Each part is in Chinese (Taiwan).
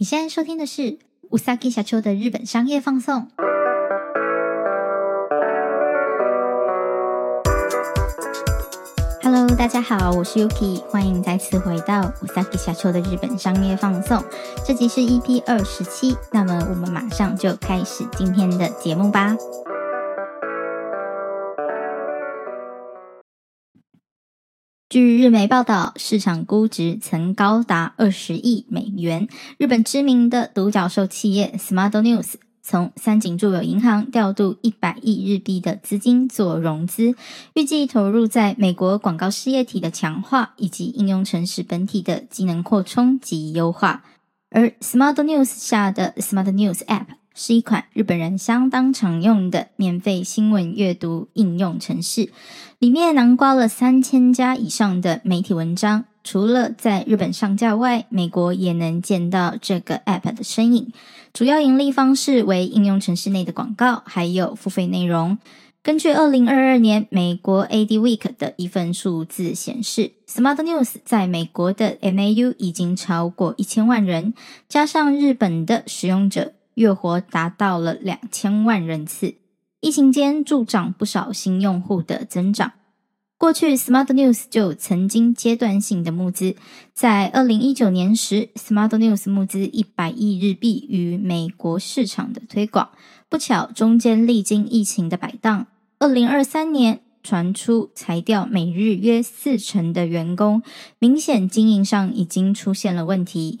你現在收聽的是《うさぎ社長的日本商業放送。Hello，大家好，我是 Yuki，歡迎再次回到《うさぎ社長的日本商業放送。這集是 EP 二十七，那麼我們馬上就開始今天的節目吧。據日媒報道，市場估值曾高達二十億美元。日本知名的獨角獸企業 SmartNews 從三井住友銀行調度一百億日幣的資金做融資，預計投入在美國廣告事業體的強化以及應用程式本體的機能擴充及優化。而 SmartNews 下的 SmartNews App，是一款日本人相當常用的免費新聞閱讀應用程式，裡面囊括了三千家以上的媒體文章。除了在日本上架外，美國也能見到這個 App 的身影。主要盈利方式為應用程式內的廣告，還有付費內容。根據二零二二年美國 AD Week 的一份數字顯示，SmartNews 在美國的 MAU 已經超過一千萬人，加上日本的使用者。月活達到了兩千萬人次，疫情間助長不少新用戶的增長。過去，Smart News 就曾經階段性的募資，在二零一九年時，Smart News 募資一百億日幣於美國市場的推廣，不巧中間歷經疫情的擺盪。二零二三年傳出裁掉每日約四成的員工，明顯經營上已經出現了問題。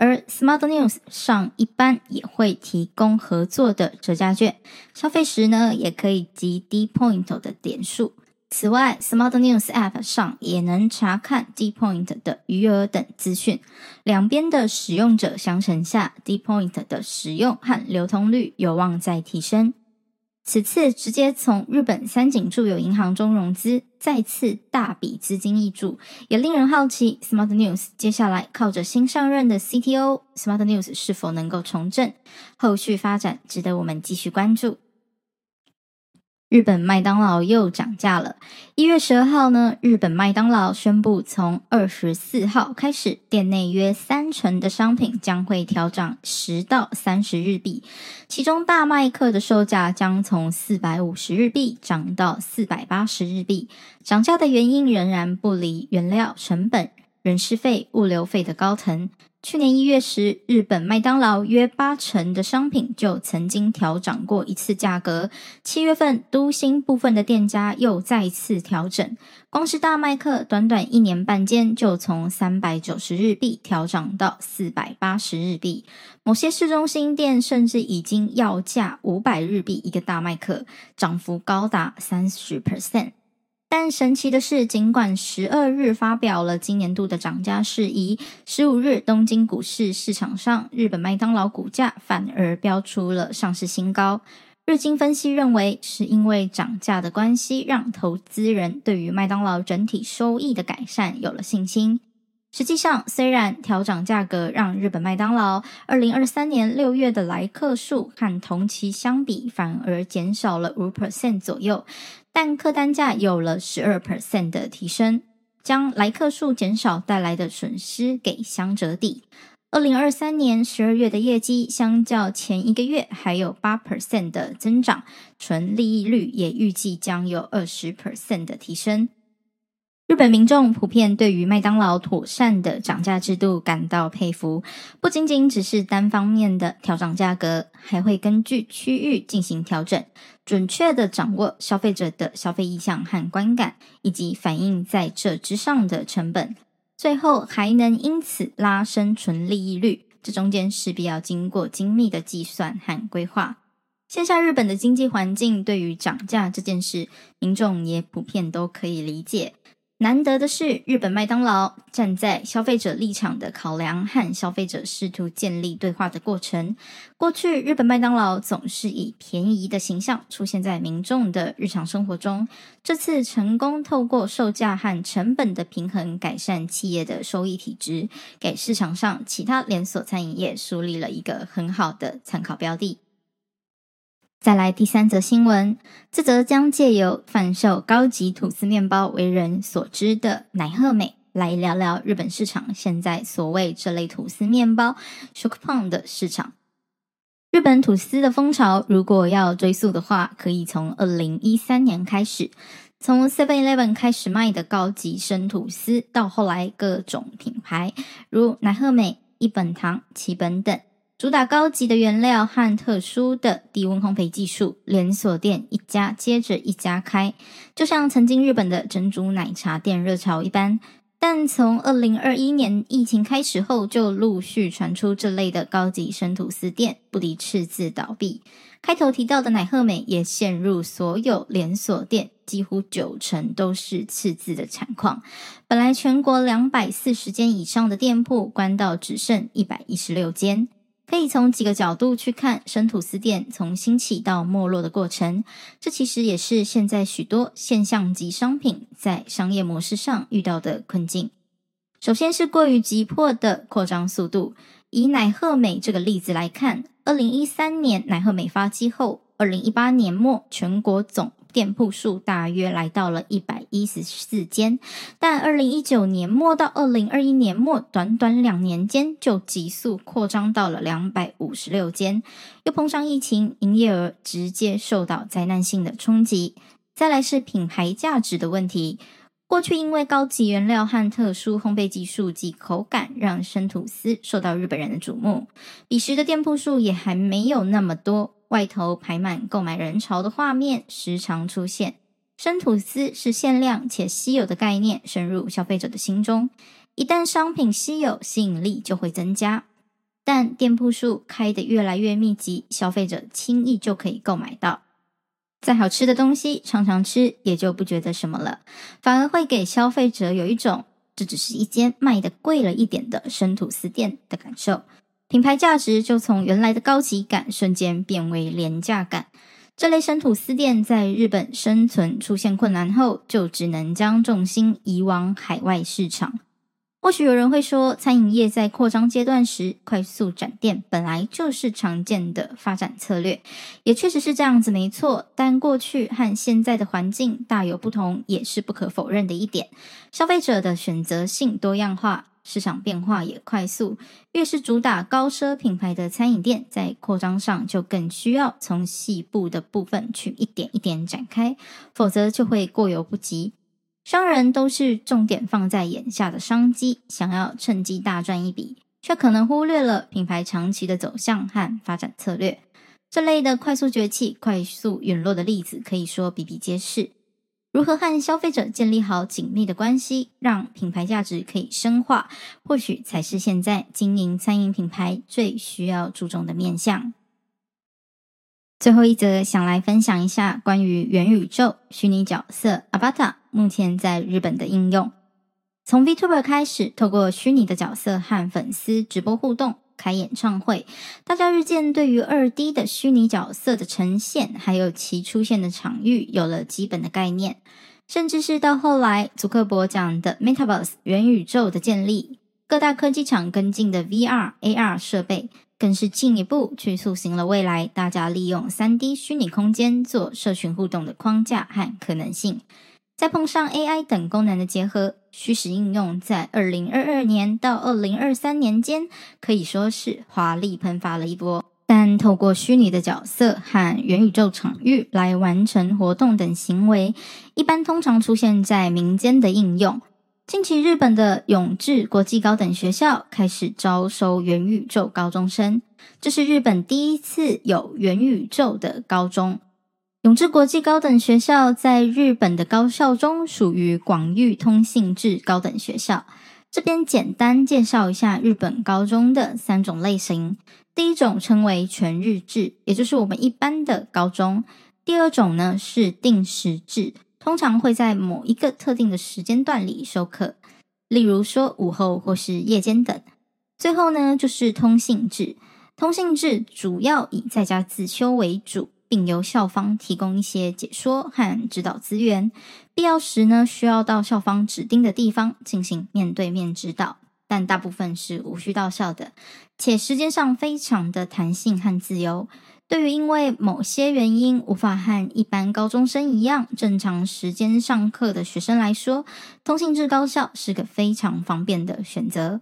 而 Smart News 上一般也會提供合作的折價券，消費時呢也可以集 d Point 的點數。此外，Smart News App 上也能查看 d Point 的餘額等資訊。兩邊的使用者相乘下，d Point 的使用和流通率有望再提升。此次直接從日本三井住友銀行中融資，再次大筆資金挹注，也令人好奇。Smart News 接下來靠着新上任的 CTO Smart News 是否能夠重振？後續發展值得我們繼續關注。日本麥當勞又漲價了。一月十二號呢，日本麥當勞宣布，從二十四號開始，店內約三成的商品將會調漲十到三十日幣。其中大麥克的售價將從四百五十日幣漲到四百八十日幣。漲價的原因仍然不離原料成本、人事費、物流費的高騰。去年一月時，日本麥當勞約八成的商品就曾經調漲過一次價格。七月份，都心部分的店家又再次調整，光是大麥克，短短一年半間就從三百九十日幣調漲到四百八十日幣。某些市中心店甚至已經要價五百日幣一個大麥克，漲幅高達三十 percent。但神奇的是，儘管十二日發表了今年度的漲價事宜，十五日東京股市市場上，日本麥當勞股價反而飆出了上市新高。日經分析認為，是因為漲價的關係，讓投資人對於麥當勞整體收益的改善有了信心。實際上，雖然調漲價格，讓日本麥當勞二零二三年六月的來客數和同期相比，反而減少了五 percent 左右。但客單價有了十二 percent 的提升，將來客數減少帶來的損失給相折抵。二零二三年十二月的業績相較前一個月還有八 percent 的增長，純利益率也預計將有二十 percent 的提升。日本民眾普遍對於麥當勞妥善的漲價制度感到佩服，不僅僅只是單方面的調漲價格，還會根據區域進行調整，準確地掌握消費者的消費意向和觀感，以及反映在這之上的成本，最後還能因此拉升純利益率。這中間勢必要經過精密的計算和規劃。現下日本的經濟環境對於漲價這件事，民眾也普遍都可以理解。難得的是，日本麥當勞站在消費者立場的考量、和消費者試圖建立對話的過程。過去，日本麥當勞總是以便宜的形象出現在民眾的日常生活中。這次成功透過售價和成本的平衡，改善企業的收益體質，給市場上其他連鎖餐飲業樹立了一個很好的參考標的。再來第三則新聞，這則將借由販售高級吐司麵包為人所知的乃賀美來聊聊日本市場現在所謂這類吐司麵包食パン的市場。日本吐司的風潮，如果要追溯的話，可以從二零一三年開始，從 Seven Eleven 開始賣的高級生吐司，到後來各種品牌，如乃賀美、一本堂、七本等。主打高級的原料和特殊的低溫烘焙技術，連鎖店一家接着一家開，就像曾經日本的珍珠奶茶店熱潮一般。但從二零二一年疫情開始後，就陸續傳出這類的高級生吐司店不敵赤字倒閉。開頭提到的乃賀美也陷入所有連鎖店幾乎九成都是赤字的慘況。本來全國兩百四十間以上的店鋪關到只剩一百一十六間。可以從幾個角度去看生吐司店從興起到沒落的過程，這其實也是現在許多現象級商品在商業模式上遇到的困境。首先是過於急迫的擴張速度，以乃賀美這個例子來看，二零一三年乃賀美發跡後，二零一八年末全國總店鋪數大約來到了一百一十四間，但二零一九年末到二零二一年末短短兩年間就急速擴張到了兩百五十六間，又碰上疫情，營業額直接受到災難性的衝擊。再來是品牌價值的問題，過去因為高級原料和特殊烘焙技術及口感，讓生吐司受到日本人的矚目，彼時的店鋪數也還沒有那麼多。外頭排滿購買人潮的畫面時常出現。生吐司是限量且稀有的概念，深入消費者的心中。一旦商品稀有，吸引力就會增加。但店鋪數開得越來越密集，消費者輕易就可以購買到。再好吃的東西，常常吃也就不覺得什麼了，反而會給消費者有一種這只是一間賣得貴了一點的生吐司店的感受。品牌價值就從原來的高級感瞬間變為廉價感。這類生吐司店在日本生存出現困難後，就只能將重心移往海外市場。或許有人會說，餐飲業在擴張階段時快速展店本來就是常見的發展策略，也確實是這樣子，沒錯。但過去和現在的環境大有不同，也是不可否認的一點。消費者的選擇性多樣化。市場變化也快速，越是主打高奢品牌的餐飲店，在擴張上就更需要從細部的部分去一點一點展開，否則就會過猶不及。商人都是重點放在眼下的商機，想要趁機大賺一筆，卻可能忽略了品牌長期的走向和發展策略。這類的快速崛起、快速隕落的例子，可以說比比皆是。如何和消費者建立好緊密的關係，讓品牌價值可以深化，或許才是現在經營餐飲品牌最需要注重的面向。最後一則想來分享一下關於元宇宙虛擬角色 Avatar 目前在日本的應用，從 VTuber 開始，透過虛擬的角色和粉絲直播互動。開演唱會，大家日漸對於二 D 的虛擬角色的呈現，還有其出現的場域有了基本的概念，甚至是到後來，祖克伯講的 Metaverse 元宇宙的建立，各大科技廠跟進的 VR、AR 設備，更是進一步去塑形了未來大家利用三 D 虛擬空間做社群互動的框架和可能性。再碰上 AI 等功能的結合，虛實應用在二零二二年到二零二三年間可以說是華麗噴發了一波。但透過虛擬的角色和元宇宙場域來完成活動等行為，一般通常出現在民間的應用。近期，日本的永志國際高等學校開始招收元宇宙高中生，這是日本第一次有元宇宙的高中。永志國際高等學校在日本的高校中屬於廣域通信制高等學校。這邊簡單介紹一下日本高中的三種類型：第一種稱為全日制，也就是我們一般的高中；第二種呢是定時制，通常會在某一個特定的時間段裡授課，例如說午後或是夜間等；最後呢就是通信制，通信制主要以在家自修為主。並由校方提供一些解說和指導資源，必要時呢需要到校方指定的地方進行面對面指導，但大部分是無需到校的，且時間上非常的彈性和自由。對於因為某些原因無法和一般高中生一樣正常時間上課的學生來說，通信制高校是個非常方便的選擇。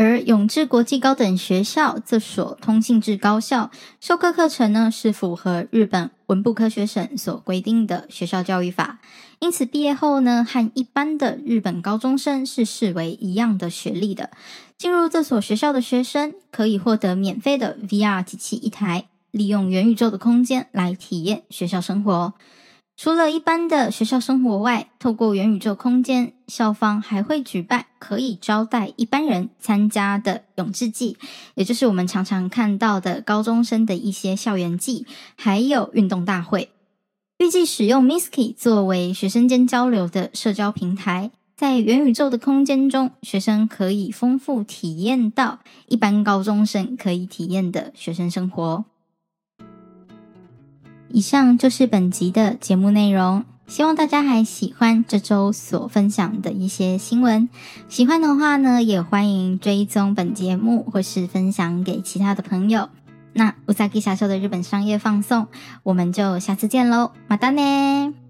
而永智國際高等學校這所通信制高校，授課課程呢是符合日本文部科學省所規定的學校教育法，因此畢業後呢和一般的日本高中生是視為一樣的學歷的。進入這所學校的學生可以獲得免費的 VR 機器一台，利用元宇宙的空間來體驗學校生活。除了一般的學校生活外，透過元宇宙空間，校方還會舉辦可以招待一般人參加的永志祭，也就是我們常常看到的高中生的一些校園祭，還有運動大會。預計使用 Misskey 作為學生間交流的社交平台，在元宇宙的空間中，學生可以豐富體驗到一般高中生可以體驗的學生生活。以上就是本集的節目內容，希望大家還喜歡這週所分享的一些新聞。喜歡的話呢，也歡迎追蹤本節目，或是分享給其他的朋友。那うさぎ社長的日本商業放送，我們就下次見嘍，またね。